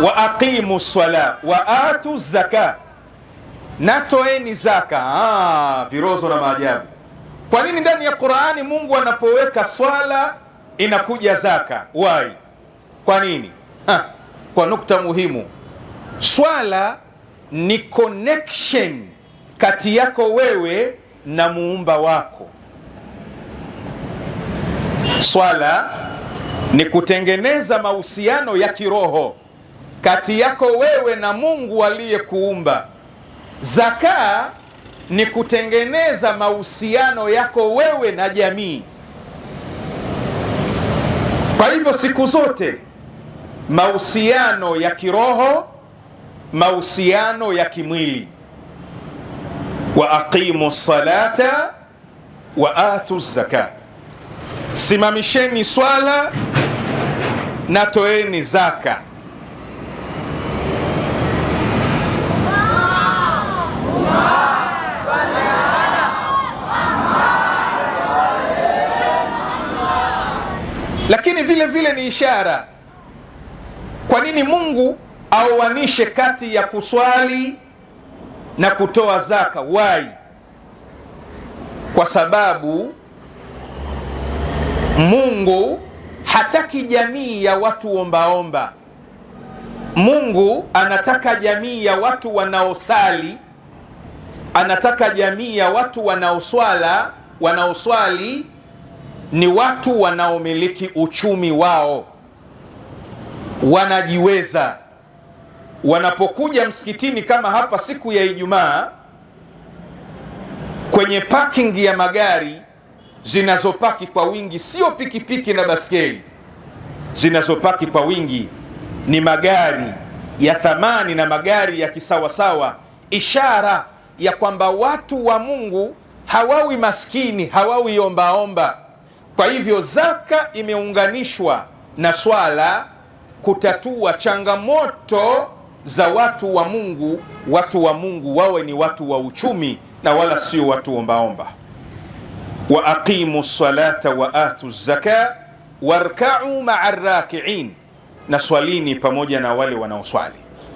wa aqimu swala wa atu zaka, na toeni zaka. Ah, virozo na maajabu. Kwa nini ndani ya Qur'ani Mungu anapoweka swala inakuja zaka? Why? Kwa nini? Ha, kwa nukta muhimu, swala ni connection kati yako wewe na muumba wako. Swala ni kutengeneza mahusiano ya kiroho kati yako wewe na Mungu aliyekuumba. Zaka ni kutengeneza mahusiano yako wewe na jamii. Kwa hivyo siku zote mahusiano ya kiroho, mahusiano ya kimwili. wa aqimu salata wa atu zaka, simamisheni swala na toeni zaka. lakini vile vile ni ishara. Kwa nini Mungu auanishe kati ya kuswali na kutoa zaka? Wai, kwa sababu Mungu hataki jamii ya watu ombaomba. Mungu anataka jamii ya watu wanaosali, anataka jamii ya watu wanaoswala, wanaoswali ni watu wanaomiliki uchumi wao, wanajiweza. Wanapokuja msikitini kama hapa siku ya Ijumaa, kwenye parking ya magari zinazopaki kwa wingi, sio pikipiki na baskeli zinazopaki kwa wingi, ni magari ya thamani na magari ya kisawasawa, ishara ya kwamba watu wa Mungu hawawi maskini, hawawi ombaomba omba. Kwa hivyo zaka imeunganishwa na swala kutatua changamoto za watu wa Mungu. Watu wa Mungu wawe ni watu wa uchumi na wala sio watu ombaomba. wa aqimu salata wa atu zaka warkau maa rakiin, na swalini pamoja na wale wanaoswali.